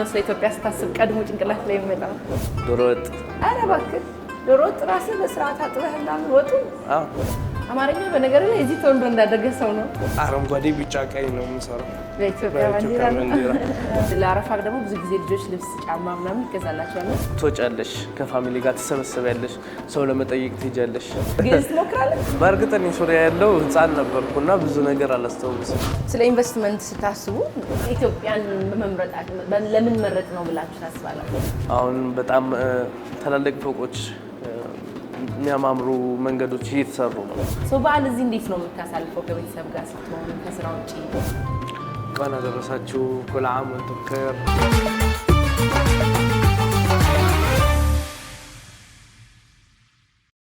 ነው ስለ ኢትዮጵያ ስታስብ ቀድሞ ጭንቅላት ላይ የሚመጣው? ዶሮ ወጥ። ኧረ እባክህ ዶሮ ወጥ ራስህ በስርዓት አጥበህ ምናምን ወጡ አማርኛ በነገር ላይ እዚህ ተወልዶ እንዳደገ ሰው ነው። አረንጓዴ፣ ቢጫ፣ ቀይ ነው የምንሰራው በኢትዮጵያ ባንዲራ። ለአረፋ ደግሞ ብዙ ጊዜ ልጆች ልብስ፣ ጫማ ምናምን ይገዛላቸዋል። ትወጫለሽ፣ ከፋሚሊ ጋር ትሰበሰቢያለሽ፣ ሰው ለመጠየቅ ትሄጃለሽ፣ ግዕዝ ትሞክራለሽ። በእርግጥ ሱሪያ ያለው ህፃን ነበርኩና ብዙ ነገር አላስታውስም። ስለ ኢንቨስትመንት ስታስቡ ኢትዮጵያን መምረጥ ለምን መረጥ ነው ብላችሁ ታስባላችሁ? አሁን በጣም ትላልቅ ፎቆች የሚያማምሩ መንገዶች እየተሰሩ ነው። በዓል እዚህ እንዴት ነው የምታሳልፈው? ከቤተሰብ ጋር ስትሆኑ ከስራ ውጭ? እንኳን አደረሳችሁ ኩል ዓም ወንቱም